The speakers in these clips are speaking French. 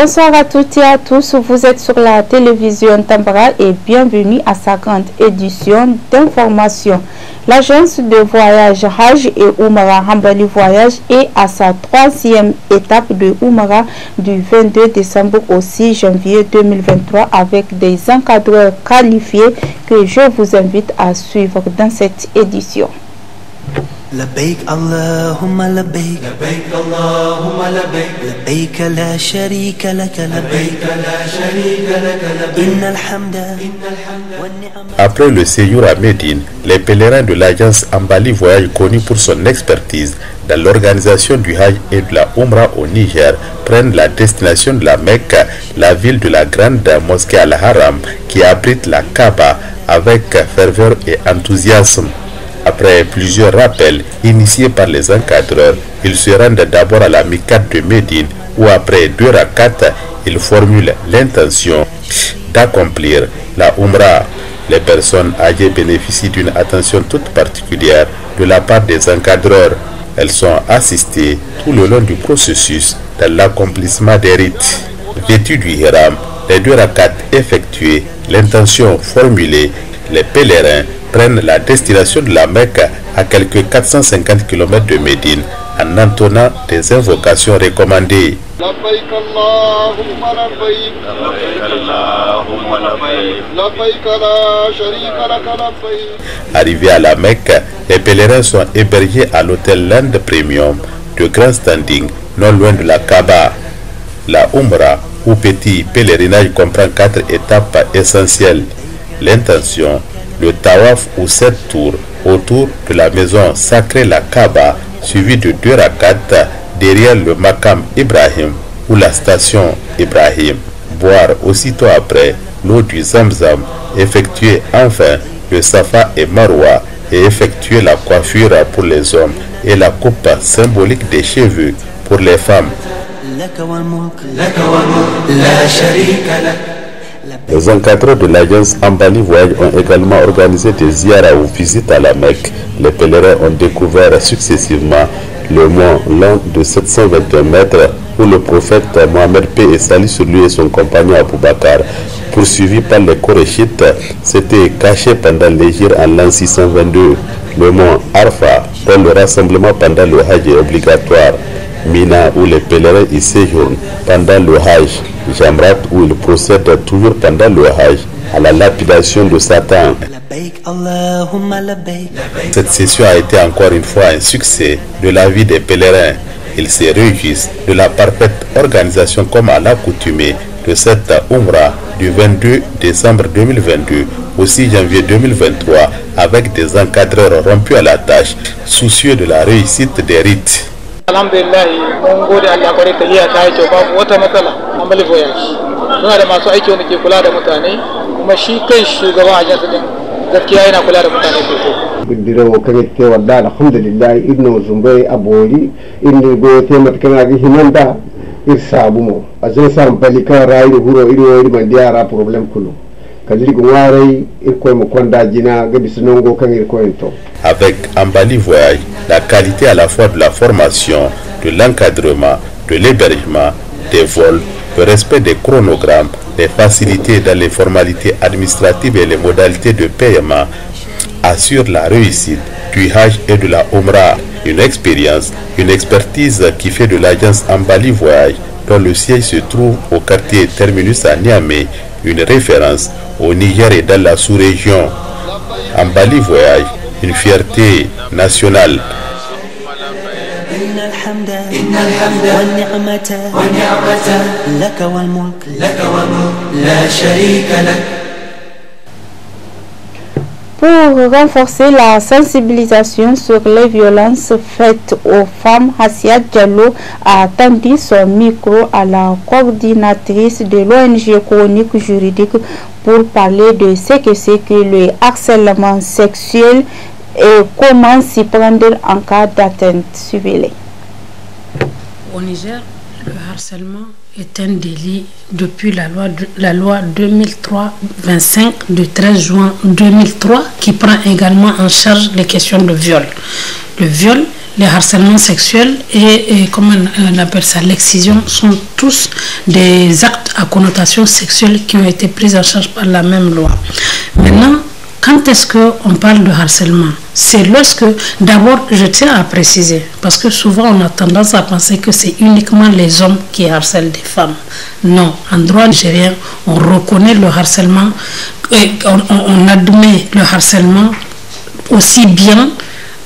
Bonsoir à toutes et à tous, vous êtes sur la télévision temporale et bienvenue à sa grande édition d'information. L'agence de voyage Hajj et Oumara Hambali Voyage est à sa troisième étape de Oumara du 22 décembre au 6 janvier 2023 avec des encadreurs qualifiés que je vous invite à suivre dans cette édition. Après le séjour à Médine, les pèlerins de l'agence Ambali Voyage connue pour son expertise dans l'organisation du Hajj et de la umra au Niger prennent la destination de la Mecque, la ville de la grande mosquée Al-Haram qui abrite la Kaaba avec ferveur et enthousiasme. Après plusieurs rappels initiés par les encadreurs, ils se rendent d'abord à la MICAT de Médine où après deux rakats, ils formulent l'intention d'accomplir la Umrah. Les personnes âgées bénéficient d'une attention toute particulière de la part des encadreurs. Elles sont assistées tout le long du processus de l'accomplissement des rites. Vêtues du hiram, les deux rakats effectués, l'intention formulée, les pèlerins prennent la destination de la Mecque à quelques 450 km de Médine en entonnant des invocations recommandées. Arrivés à la Mecque, les pèlerins sont hébergés à l'hôtel Land Premium de grand standing non loin de la Kaaba. La Umrah ou petit pèlerinage comprend quatre étapes essentielles. L'intention, le tawaf ou sept tours autour de la maison sacrée la Kaaba, suivi de deux rakats derrière le makam Ibrahim ou la station Ibrahim. Boire aussitôt après l'eau du Zamzam, effectuer enfin le Safa et Marwa et effectuer la coiffure pour les hommes et la coupe symbolique des cheveux pour les femmes. Les encadreurs de l'agence Ambali Voyage ont également organisé des Iara ou visites à la Mecque. Les pèlerins ont découvert successivement le mont long de 721 mètres où le prophète Mohamed P. est sali sur lui et son compagnon Abou Bakar, poursuivi par les Koréchites, s'était caché pendant les en l'an 622. Le mont Arfa, dont le rassemblement pendant le Hajj est obligatoire, Mina où les pèlerins y séjournent pendant le Hajj, Jamrat où ils procèdent toujours pendant le Hajj à la lapidation de Satan. Cette session a été encore une fois un succès de la vie des pèlerins. Ils se réjouissent de la parfaite organisation comme à l'accoutumée de cette Umrah du 22 décembre 2022 au 6 janvier 2023 avec des encadreurs rompus à la tâche, soucieux de la réussite des rites. alhamdulillahi mun gode Allah kwarai liya ta yi babu wata matsala an bali voyage muna da masu aiki wanda ke kula da mutane kuma shi kan shugaban ajiyar din gaskiya yana kula da mutane sosai bindiro kare ta wanda alhamdulillah inno zumbai abori inni go te da agi hinanda ir sabumo azan sam balikan rayi huro iri wori mandiara problem kulu Avec Ambali Voyage, la qualité à la fois de la formation, de l'encadrement, de l'hébergement, des vols, le respect des chronogrammes, les facilités dans les formalités administratives et les modalités de paiement assurent la réussite du Hajj et de la Omra. Une expérience, une expertise qui fait de l'agence Ambali Voyage, dont le siège se trouve au quartier Terminus à Niamey, une référence au Niger et dans la sous-région. En Voyage, une fierté nationale pour renforcer la sensibilisation sur les violences faites aux femmes, Hassia Diallo a tendu son micro à la coordinatrice de l'ONG Chronique Juridique pour parler de ce que c'est que le harcèlement sexuel et comment s'y prendre en cas d'atteinte. Suivez-les. Au Niger, le harcèlement est un délit depuis la loi, de, la loi 2003-25 du 13 juin 2003 qui prend également en charge les questions de viol. Le viol, les harcèlements sexuels et, comment on appelle ça, l'excision sont tous des actes à connotation sexuelle qui ont été pris en charge par la même loi. Maintenant, quand est-ce qu'on parle de harcèlement c'est lorsque, d'abord, je tiens à préciser, parce que souvent on a tendance à penser que c'est uniquement les hommes qui harcèlent des femmes. Non, en droit nigérien, on reconnaît le harcèlement, et on, admet le harcèlement aussi bien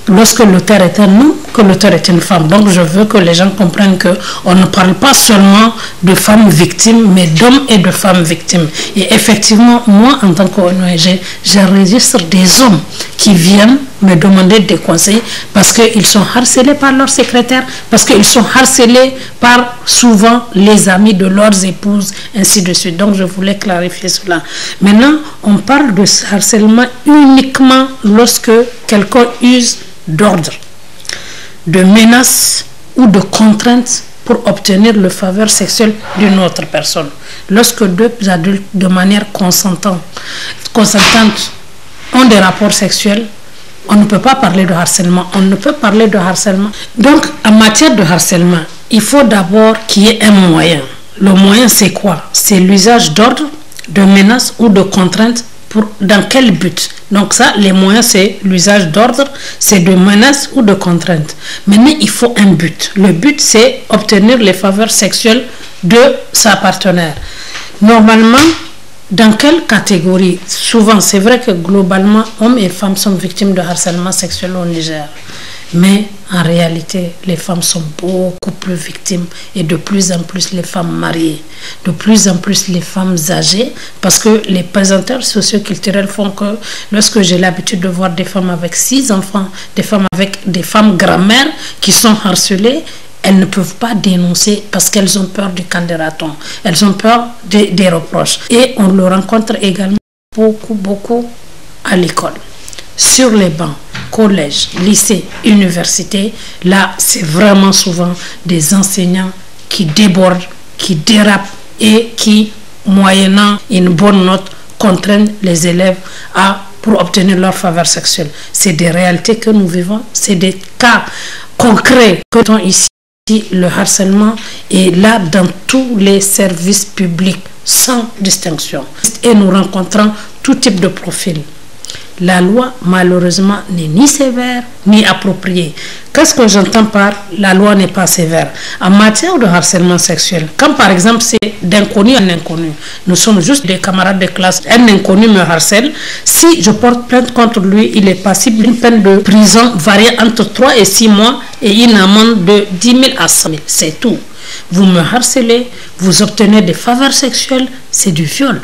lorsque l'auteur est un homme que l'auteur est une femme. Donc je veux que les gens comprennent que on ne parle pas seulement de femmes victimes, mais d'hommes et de femmes victimes. Et effectivement, moi en tant qu'ONG, j'enregistre des hommes qui viennent me demander des conseils parce qu'ils sont harcelés par leurs secrétaires, parce qu'ils sont harcelés par souvent les amis de leurs épouses, ainsi de suite. Donc je voulais clarifier cela. Maintenant, on parle de harcèlement uniquement lorsque quelqu'un use d'ordre, de menace ou de contraintes pour obtenir le faveur sexuel d'une autre personne. Lorsque deux adultes, de manière consentante, consentante ont des rapports sexuels, on ne peut pas parler de harcèlement, on ne peut parler de harcèlement. Donc, en matière de harcèlement, il faut d'abord qu'il y ait un moyen. Le moyen, c'est quoi C'est l'usage d'ordre, de menace ou de contrainte pour, dans quel but Donc ça, les moyens, c'est l'usage d'ordre, c'est de menaces ou de contrainte. Maintenant, il faut un but. Le but, c'est obtenir les faveurs sexuelles de sa partenaire. Normalement, dans quelle catégorie Souvent, c'est vrai que globalement, hommes et femmes sont victimes de harcèlement sexuel au Niger. Mais en réalité, les femmes sont beaucoup plus victimes et de plus en plus les femmes mariées, de plus en plus les femmes âgées, parce que les présenteurs socioculturels font que lorsque j'ai l'habitude de voir des femmes avec six enfants, des femmes avec des femmes grand-mères qui sont harcelées, elles ne peuvent pas dénoncer parce qu'elles ont peur du candidaton, elles ont peur des reproches. Et on le rencontre également beaucoup, beaucoup à l'école, sur les bancs, collège, lycée, université. Là, c'est vraiment souvent des enseignants qui débordent, qui dérapent et qui, moyennant une bonne note, contraignent les élèves à pour obtenir leur faveur sexuelle. C'est des réalités que nous vivons, c'est des cas concrets que nous ici le harcèlement est là dans tous les services publics, sans distinction. Et nous rencontrons tout type de profil la loi, malheureusement, n'est ni sévère ni appropriée. Qu'est-ce que j'entends par la loi n'est pas sévère En matière de harcèlement sexuel, quand par exemple c'est d'inconnu en inconnu, nous sommes juste des camarades de classe, un inconnu me harcèle, si je porte plainte contre lui, il est passible d'une peine de prison variée entre 3 et 6 mois et une amende de 10 000 à 100 000. C'est tout. Vous me harcelez, vous obtenez des faveurs sexuelles, c'est du viol.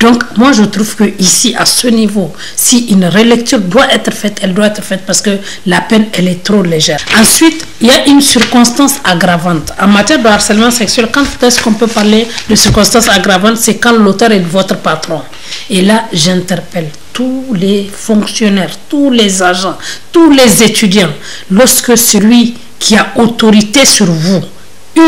Donc, moi, je trouve que ici, à ce niveau, si une relecture doit être faite, elle doit être faite parce que la peine, elle est trop légère. Ensuite, il y a une circonstance aggravante. En matière de harcèlement sexuel, quand est-ce qu'on peut parler de circonstance aggravante C'est quand l'auteur est votre patron. Et là, j'interpelle tous les fonctionnaires, tous les agents, tous les étudiants. Lorsque celui qui a autorité sur vous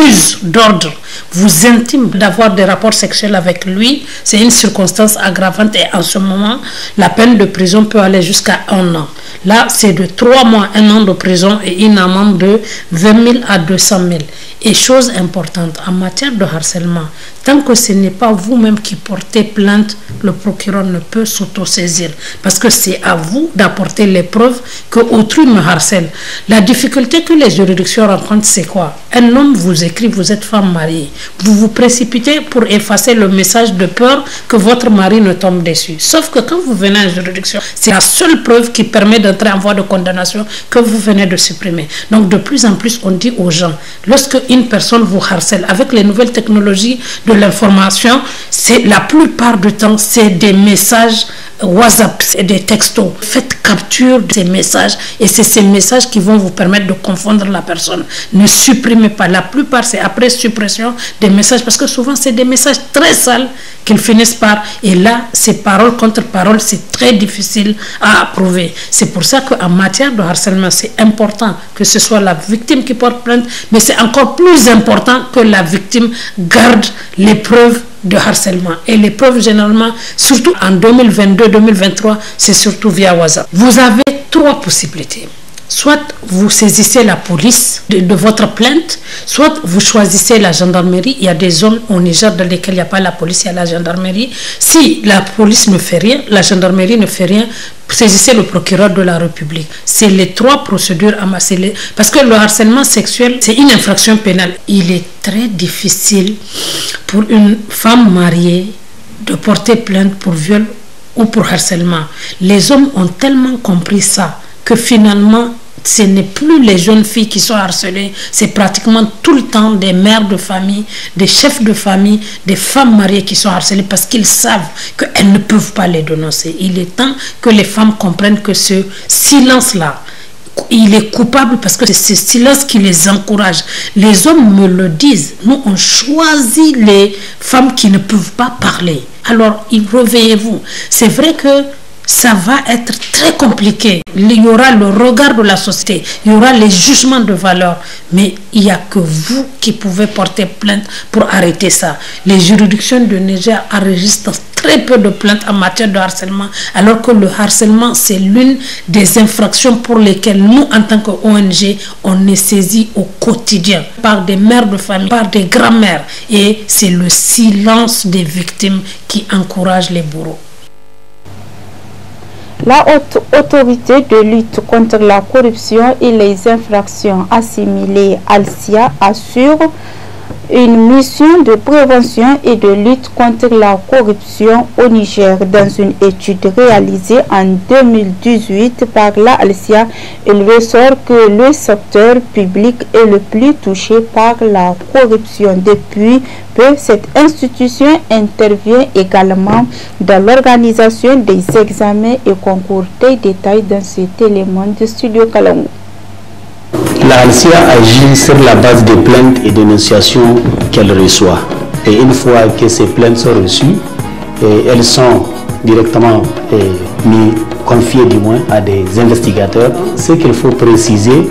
use d'ordre vous intime d'avoir des rapports sexuels avec lui, c'est une circonstance aggravante et en ce moment, la peine de prison peut aller jusqu'à un an. Là, c'est de trois mois, un an de prison et une amende de 20 000 à 200 000. Et chose importante, en matière de harcèlement, tant que ce n'est pas vous-même qui portez plainte, le procureur ne peut s'autosaisir parce que c'est à vous d'apporter les preuves que autrui me harcèle. La difficulté que les juridictions rencontrent, c'est quoi Un homme vous écrit, vous êtes femme mariée vous vous précipitez pour effacer le message de peur que votre mari ne tombe dessus. Sauf que quand vous venez en juridiction, c'est la seule preuve qui permet d'entrer en voie de condamnation que vous venez de supprimer. Donc de plus en plus, on dit aux gens, lorsque une personne vous harcèle, avec les nouvelles technologies de l'information, c'est la plupart du temps, c'est des messages WhatsApp, et des textos. Faites capture de ces messages et c'est ces messages qui vont vous permettre de confondre la personne. Ne supprimez pas. La plupart, c'est après suppression des messages parce que souvent, c'est des messages très sales qu'ils finissent par. Et là, c'est parole contre parole, c'est très difficile à approuver. C'est pour ça qu'en matière de harcèlement, c'est important que ce soit la victime qui porte plainte, mais c'est encore plus important que la victime garde les preuves de harcèlement. Et les preuves, généralement, surtout en 2022-2023, c'est surtout via WhatsApp. Vous avez trois possibilités. Soit vous saisissez la police de, votre plainte, soit vous choisissez la gendarmerie. Il y a des zones au Niger dans lesquelles il n'y a pas la police, il y a la gendarmerie. Si la police ne fait rien, la gendarmerie ne fait rien, saisissez le procureur de la République. C'est les trois procédures à masser. Parce que le harcèlement sexuel, c'est une infraction pénale. Il est très difficile pour une femme mariée de porter plainte pour viol ou pour harcèlement. Les hommes ont tellement compris ça que finalement, ce n'est plus les jeunes filles qui sont harcelées, c'est pratiquement tout le temps des mères de famille, des chefs de famille, des femmes mariées qui sont harcelées parce qu'ils savent qu'elles ne peuvent pas les dénoncer. Il est temps que les femmes comprennent que ce silence-là, il est coupable parce que c'est ce silence qui les encourage. Les hommes me le disent. Nous, on choisit les femmes qui ne peuvent pas parler. Alors, réveillez-vous. C'est vrai que ça va être très compliqué. Il y aura le regard de la société, il y aura les jugements de valeur, mais il n'y a que vous qui pouvez porter plainte pour arrêter ça. Les juridictions de Niger enregistrent très peu de plaintes en matière de harcèlement, alors que le harcèlement, c'est l'une des infractions pour lesquelles nous, en tant qu'ONG, on est saisi au quotidien par des mères de famille, par des grands-mères, et c'est le silence des victimes qui encourage les bourreaux. La haute autorité de lutte contre la corruption et les infractions assimilées, (Alcia) assure une mission de prévention et de lutte contre la corruption au Niger dans une étude réalisée en 2018 par la Alcia. Il ressort que le secteur public est le plus touché par la corruption. Depuis peu, cette institution intervient également dans l'organisation des examens et concours. Des détails dans cet élément de Studio Calamou. La Halcia agit sur la base des plaintes et dénonciations qu'elle reçoit. Et une fois que ces plaintes sont reçues, eh, elles sont directement eh, confiées du moins à des investigateurs. Ce qu'il faut préciser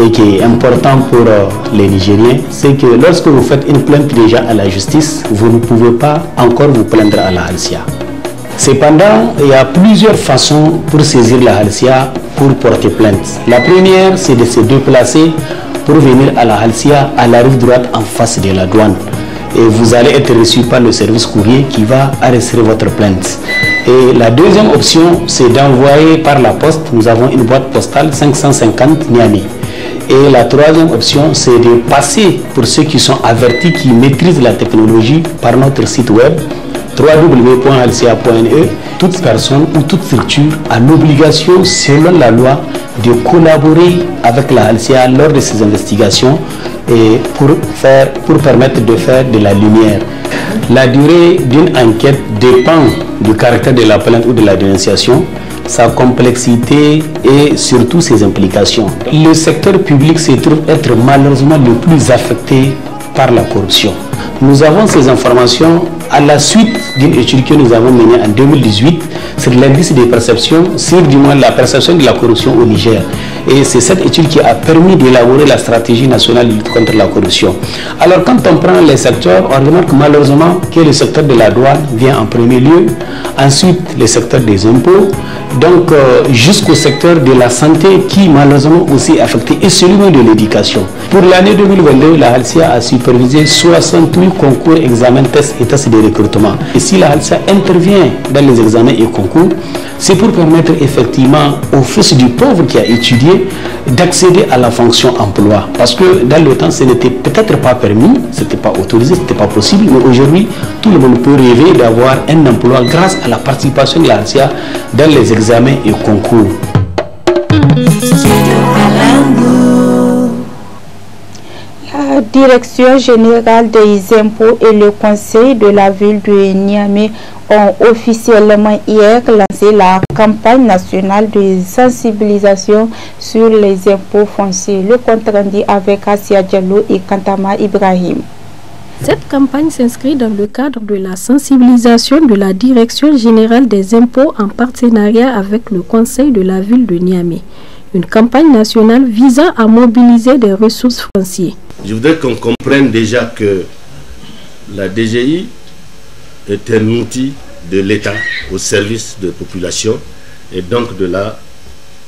et qui est important pour euh, les Nigériens, c'est que lorsque vous faites une plainte déjà à la justice, vous ne pouvez pas encore vous plaindre à la Halcia. Cependant, il y a plusieurs façons pour saisir la Halcia pour porter plainte. La première, c'est de se déplacer pour venir à la Halcia, à la rive droite en face de la douane. Et vous allez être reçu par le service courrier qui va arrêter votre plainte. Et la deuxième option, c'est d'envoyer par la poste. Nous avons une boîte postale 550 Niami. Et la troisième option, c'est de passer pour ceux qui sont avertis, qui maîtrisent la technologie par notre site web www.alca.ne, toute personne ou toute structure a l'obligation, selon la loi, de collaborer avec la Alcia lors de ses investigations et pour, faire, pour permettre de faire de la lumière. La durée d'une enquête dépend du caractère de la plainte ou de la dénonciation, sa complexité et surtout ses implications. Le secteur public se trouve être malheureusement le plus affecté par la corruption. Nous avons ces informations à la suite d'une étude que nous avons menée en 2018 sur l'indice des perceptions, sur du moins la perception de la corruption au Niger. Et c'est cette étude qui a permis d'élaborer la stratégie nationale de lutte contre la corruption. Alors quand on prend les secteurs, on remarque malheureusement que le secteur de la douane vient en premier lieu, ensuite le secteur des impôts, donc euh, jusqu'au secteur de la santé qui malheureusement aussi est affecté et celui de l'éducation. Pour l'année 2022, la a supervisé 60 concours, examens, tests et tests de recrutement. Et si la Halcia intervient dans les examens et concours, c'est pour permettre effectivement au fils du pauvre qui a étudié d'accéder à la fonction emploi. Parce que dans le temps, ce n'était peut-être pas permis, ce n'était pas autorisé, ce n'était pas possible. Mais aujourd'hui, tout le monde peut rêver d'avoir un emploi grâce à la participation de la dans les examens Examen et concours. La Direction générale des impôts et le conseil de la ville de Niamey ont officiellement hier lancé la campagne nationale de sensibilisation sur les impôts fonciers. Le compte rendu avec Asia Diallo et Kantama Ibrahim. Cette campagne s'inscrit dans le cadre de la sensibilisation de la Direction générale des impôts en partenariat avec le Conseil de la ville de Niamey. Une campagne nationale visant à mobiliser des ressources foncières. Je voudrais qu'on comprenne déjà que la DGI est un outil de l'État au service de la population et donc de la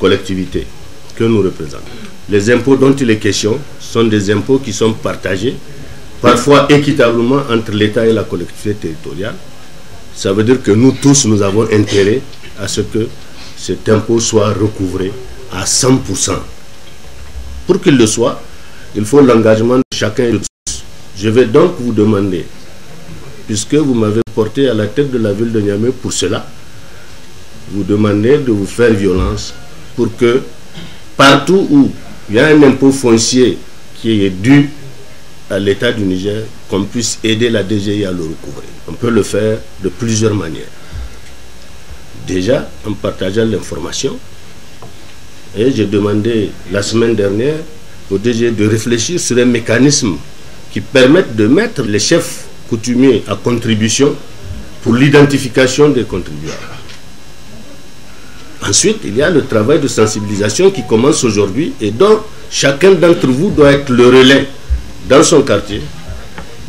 collectivité que nous représentons. Les impôts dont il est question sont des impôts qui sont partagés parfois équitablement entre l'État et la collectivité territoriale. Ça veut dire que nous tous, nous avons intérêt à ce que cet impôt soit recouvré à 100%. Pour qu'il le soit, il faut l'engagement de chacun et de tous. Je vais donc vous demander, puisque vous m'avez porté à la tête de la ville de Niamey pour cela, vous demander de vous faire violence pour que partout où il y a un impôt foncier qui est dû à l'État du Niger qu'on puisse aider la DGI à le recouvrir. On peut le faire de plusieurs manières. Déjà, en partageant l'information, et j'ai demandé la semaine dernière au DGI de réfléchir sur les mécanismes qui permettent de mettre les chefs coutumiers à contribution pour l'identification des contribuables. Ensuite, il y a le travail de sensibilisation qui commence aujourd'hui et dont chacun d'entre vous doit être le relais dans son quartier,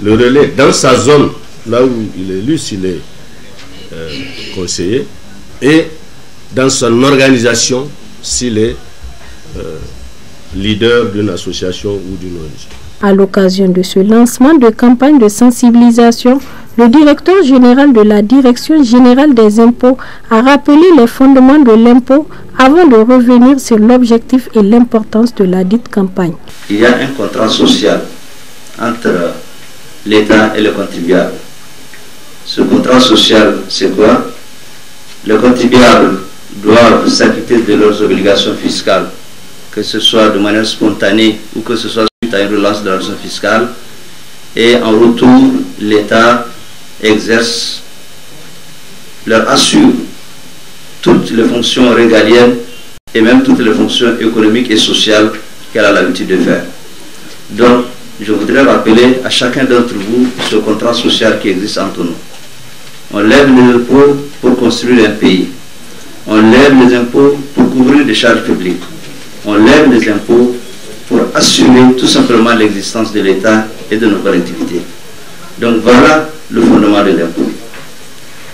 le relais dans sa zone, là où il est lui, s'il est euh, conseiller, et dans son organisation, s'il est euh, leader d'une association ou d'une ONG. À l'occasion de ce lancement de campagne de sensibilisation, le directeur général de la Direction générale des impôts a rappelé les fondements de l'impôt avant de revenir sur l'objectif et l'importance de la dite campagne. Il y a un contrat social entre l'État et le contribuable. Ce contrat social, c'est quoi Le contribuable doit s'acquitter de leurs obligations fiscales, que ce soit de manière spontanée ou que ce soit suite à une relance de l'argent fiscale. Et en retour, l'État exerce, leur assure toutes les fonctions régaliennes et même toutes les fonctions économiques et sociales qu'elle a l'habitude de faire. Donc, je voudrais rappeler à chacun d'entre vous ce contrat social qui existe entre nous. On lève les impôts pour construire un pays. On lève les impôts pour couvrir des charges publiques. On lève les impôts pour assumer tout simplement l'existence de l'État et de nos collectivités. Donc voilà le fondement de l'impôt.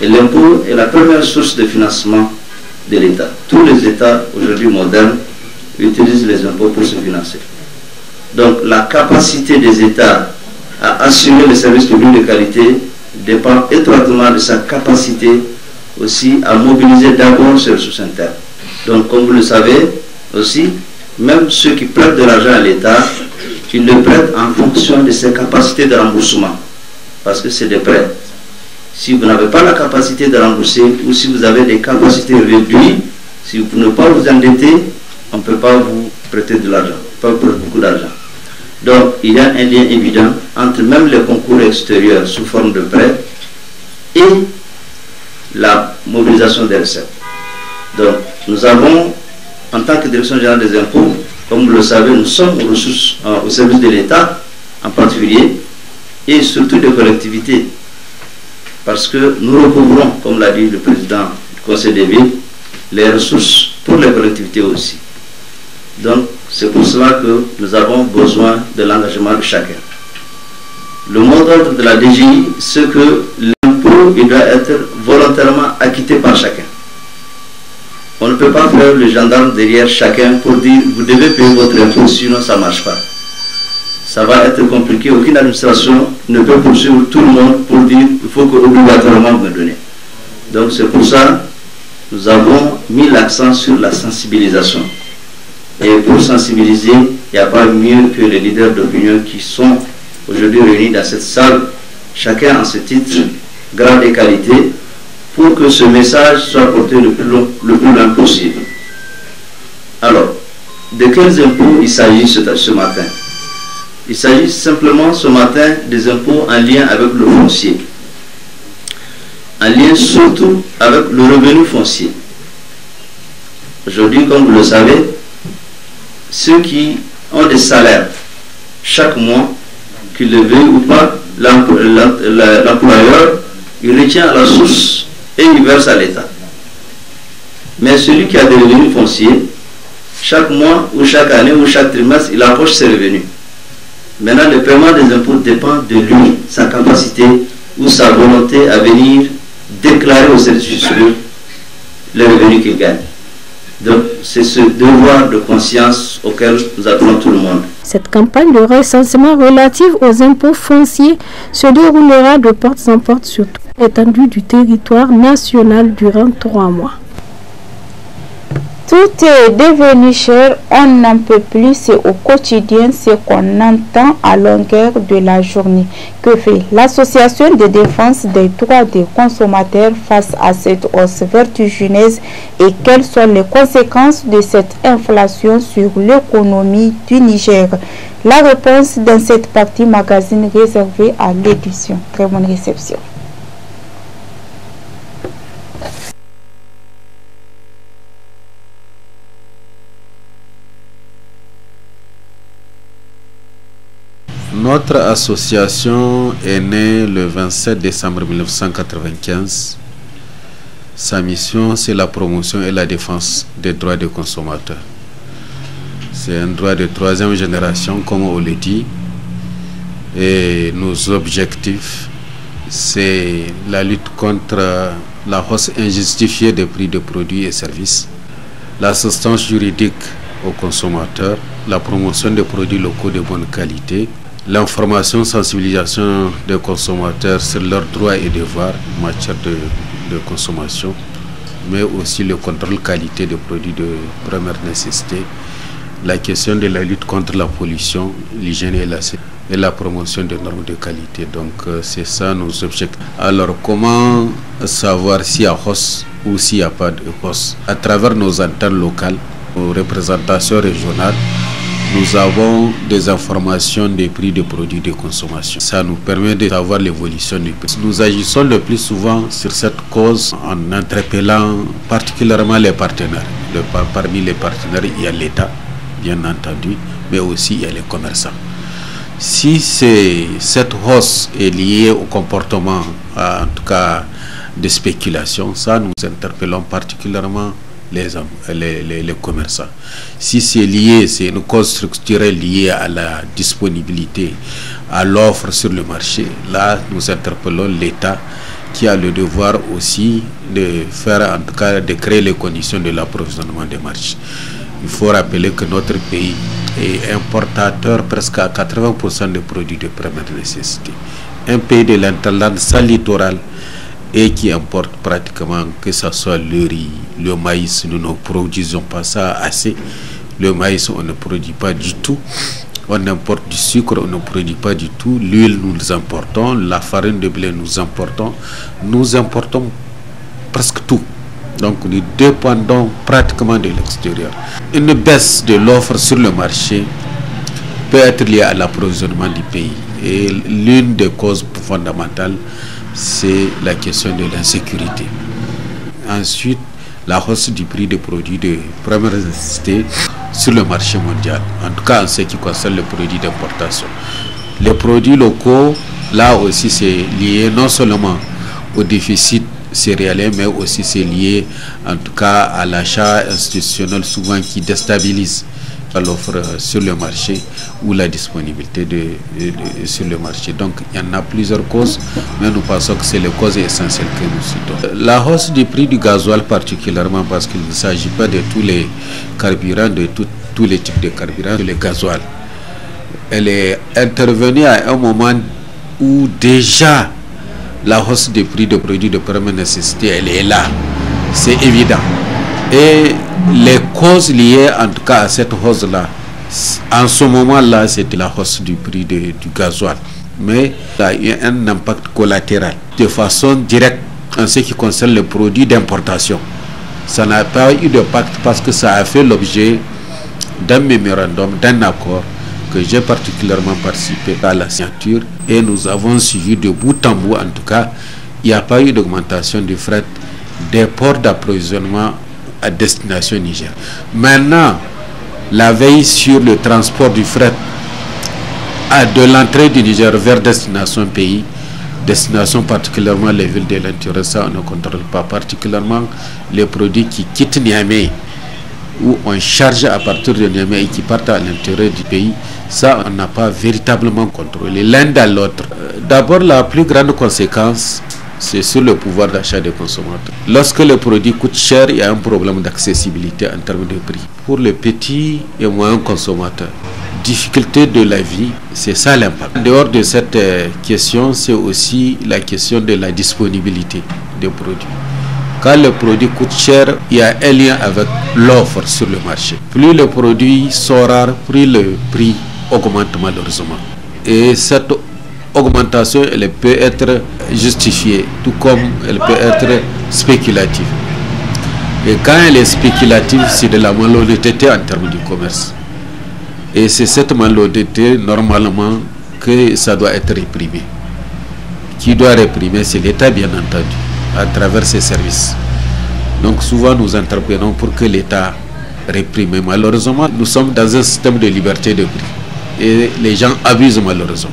Et l'impôt est la première source de financement de l'État. Tous les États aujourd'hui modernes utilisent les impôts pour se financer. Donc la capacité des États à assurer le services publics de qualité dépend étroitement de sa capacité aussi à mobiliser d'abord ses ressources internes. Donc comme vous le savez aussi, même ceux qui prêtent de l'argent à l'État, ils le prêtent en fonction de ses capacités de remboursement, parce que c'est des prêts. Si vous n'avez pas la capacité de rembourser ou si vous avez des capacités réduites, si vous ne pouvez pas vous endetter, on ne peut pas vous prêter de l'argent, pas beaucoup d'argent. Donc, il y a un lien évident entre même les concours extérieurs sous forme de prêt et la mobilisation des recettes. Donc, nous avons, en tant que direction générale des impôts, comme vous le savez, nous sommes ressources, euh, au service de l'État en particulier, et surtout des collectivités, parce que nous recouvrons, comme l'a dit le président du Conseil des villes, les ressources pour les collectivités aussi. Donc, c'est pour cela que nous avons besoin de l'engagement de chacun. Le mot d'ordre de la DGI, c'est que l'impôt il doit être volontairement acquitté par chacun. On ne peut pas faire le gendarme derrière chacun pour dire vous devez payer votre impôt, sinon ça ne marche pas. Ça va être compliqué. Aucune administration ne peut poursuivre tout le monde pour dire il faut que obligatoirement vous me donnez. Donc c'est pour ça nous avons mis l'accent sur la sensibilisation. Et pour sensibiliser, il n'y a pas mieux que les leaders d'opinion qui sont aujourd'hui réunis dans cette salle, chacun en ce titre, grande et qualité, pour que ce message soit porté le plus, loin possible. Alors, de quels impôts il s'agit ce matin Il s'agit simplement ce matin des impôts en lien avec le foncier, en lien surtout avec le revenu foncier. Aujourd'hui, comme vous le savez, ceux qui ont des salaires chaque mois, qu'ils le veuillent ou pas, l'employeur, il retient à la source et il verse à l'État. Mais celui qui a des revenus fonciers, chaque mois ou chaque année ou chaque trimestre, il approche ses revenus. Maintenant, le paiement des impôts dépend de lui, sa capacité ou sa volonté à venir déclarer au service les revenus qu'il gagne c'est ce devoir de conscience auquel nous appelons tout le monde. Cette campagne de recensement relative aux impôts fonciers se déroulera de porte en porte sur toute l'étendue du territoire national durant trois mois. Tout est devenu cher, on n'en peut plus, c'est au quotidien ce qu'on entend à longueur de la journée. Que fait l'association de défense des droits des consommateurs face à cette hausse vertigineuse et quelles sont les conséquences de cette inflation sur l'économie du Niger La réponse dans cette partie magazine réservée à l'édition. Très bonne réception. Notre association est née le 27 décembre 1995. Sa mission, c'est la promotion et la défense des droits des consommateurs. C'est un droit de troisième génération, comme on le dit. Et nos objectifs, c'est la lutte contre la hausse injustifiée des prix de produits et services, l'assistance juridique aux consommateurs, la promotion des produits locaux de bonne qualité, l'information, sensibilisation des consommateurs sur leurs droits et devoirs en matière de, consommation, mais aussi le contrôle qualité des produits de première nécessité, la question de la lutte contre la pollution, l'hygiène et la promotion des normes de qualité. Donc euh, c'est ça nos objectifs. Alors comment savoir s'il y a hausse ou s'il n'y a pas de hausse À travers nos antennes locales, nos représentations régionales, nous avons des informations des prix des produits de consommation. Ça nous permet de savoir l'évolution du prix. Nous agissons le plus souvent sur cette cause en interpellant particulièrement les partenaires. parmi les partenaires, il y a l'État, bien entendu, mais aussi il y a les commerçants. Si cette hausse est liée au comportement, en tout cas de spéculation, ça nous interpellons particulièrement les, les, les, commerçants. Si c'est lié, c'est une cause structurelle liée à la disponibilité, à l'offre sur le marché, là nous interpellons l'État qui a le devoir aussi de faire, en tout cas, de créer les conditions de l'approvisionnement des marchés. Il faut rappeler que notre pays est importateur presque à 80% des produits de première nécessité. Un pays de l'Interland sans littoral, et qui importe pratiquement que ce soit le riz, le maïs, nous ne produisons pas ça assez. Le maïs, on ne produit pas du tout. On importe du sucre, on ne produit pas du tout. L'huile, nous importons. La farine de blé, nous importons. Nous importons presque tout. Donc nous dépendons pratiquement de l'extérieur. Une baisse de l'offre sur le marché peut être liée à l'approvisionnement du pays. Et l'une des causes fondamentales, c'est la question de l'insécurité. Ensuite, la hausse du prix des produits de première nécessité sur le marché mondial, en tout cas en ce qui concerne les produits d'importation. Les produits locaux, là aussi, c'est lié non seulement au déficit céréalier, mais aussi c'est lié en tout cas à l'achat institutionnel souvent qui déstabilise à l'offre euh, sur le marché ou la disponibilité de, sur le marché. Donc il y en a plusieurs causes, mais nous pensons que c'est les causes essentielles que nous citons. La hausse du prix du gasoil particulièrement parce qu'il ne s'agit pas de tous les carburants, de tous les types de carburants, le gasoil. Elle est intervenue à un moment où déjà la hausse des prix de produits de première nécessité, elle est là. C'est évident. Et les causes liées en tout cas à cette hausse-là, en ce moment-là, c'était la hausse du prix du gasoil. Mais ça a eu un impact collatéral de façon directe en ce qui concerne les produits d'importation. Ça n'a pas eu d'impact parce que ça a fait l'objet d'un mémorandum, d'un accord que j'ai particulièrement participé à la signature et nous avons suivi de bout en bout, en tout cas, il n'y a pas eu d'augmentation du fret des ports d'approvisionnement à destination Niger. Maintenant, la veille sur le transport du fret à de l'entrée du Niger vers destination pays, destination particulièrement les villes de l'intérêt ça on ne contrôle pas, particulièrement les produits qui quittent Niamey ou on charge à partir de Niamey et qui partent à l'intérieur du pays, ça on n'a pas véritablement contrôlé l'un dans l'autre. Euh, d'abord, la plus grande conséquence, c'est sur le pouvoir d'achat des consommateurs. Lorsque le produit coûte cher, il y a un problème d'accessibilité en termes de prix. Pour les petits et moyens consommateurs, difficulté de la vie, c'est ça l'impact. En dehors de cette euh, question, c'est aussi la question de la disponibilité des produits. Quand le produit coûte cher, il y a un lien avec l'offre sur le marché. Plus le produit sont rare, plus le prix augmente malheureusement. Et cette augmentation, elle peut être justifiée, tout comme elle peut être spéculative. Et quand elle est spéculative, c'est de la malhonnêteté en termes du commerce. Et c'est cette malhonnêteté, normalement, que ça doit être réprimé. Qui doit réprimer, c'est l'État, bien entendu, à travers ses services. Donc souvent, nous entreprenons pour que l'État réprime. malheureusement, nous sommes dans un système de liberté de prix. Et les gens abusent malheureusement.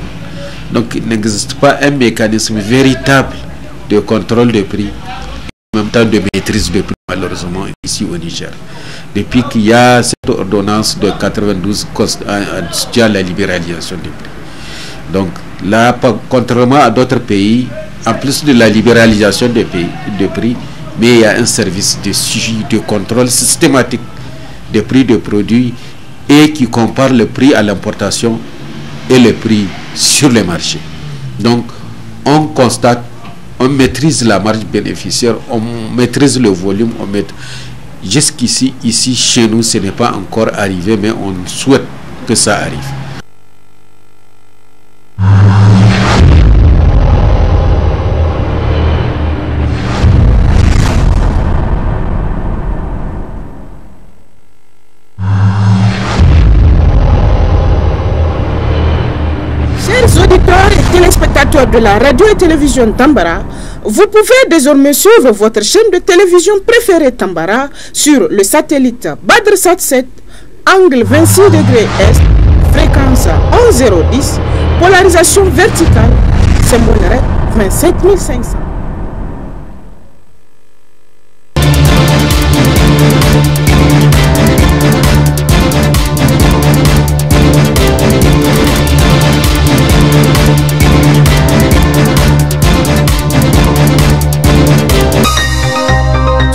Donc il n'existe pas un mécanisme véritable de contrôle des prix, en même temps de maîtrise des prix, malheureusement, ici au Niger. Depuis qu'il y a cette ordonnance de 92 à euh, euh, la libéralisation des prix. Donc là, contrairement à d'autres pays, en plus de la libéralisation des, prix, mais il y a un service de de contrôle systématique des prix des produits et qui compare le prix à l'importation et les prix sur les marchés. Donc, on constate, on maîtrise la marge bénéficiaire, on maîtrise le volume, on met Jusqu'ici, ici, chez nous, ce n'est pas encore arrivé, mais on souhaite que ça arrive. de la radio et télévision Tambara, vous pouvez désormais suivre votre chaîne de télévision préférée Tambara sur le satellite BadrSat 7, angle 26 degrés Est, fréquence 11010, polarisation verticale, symbole 27500.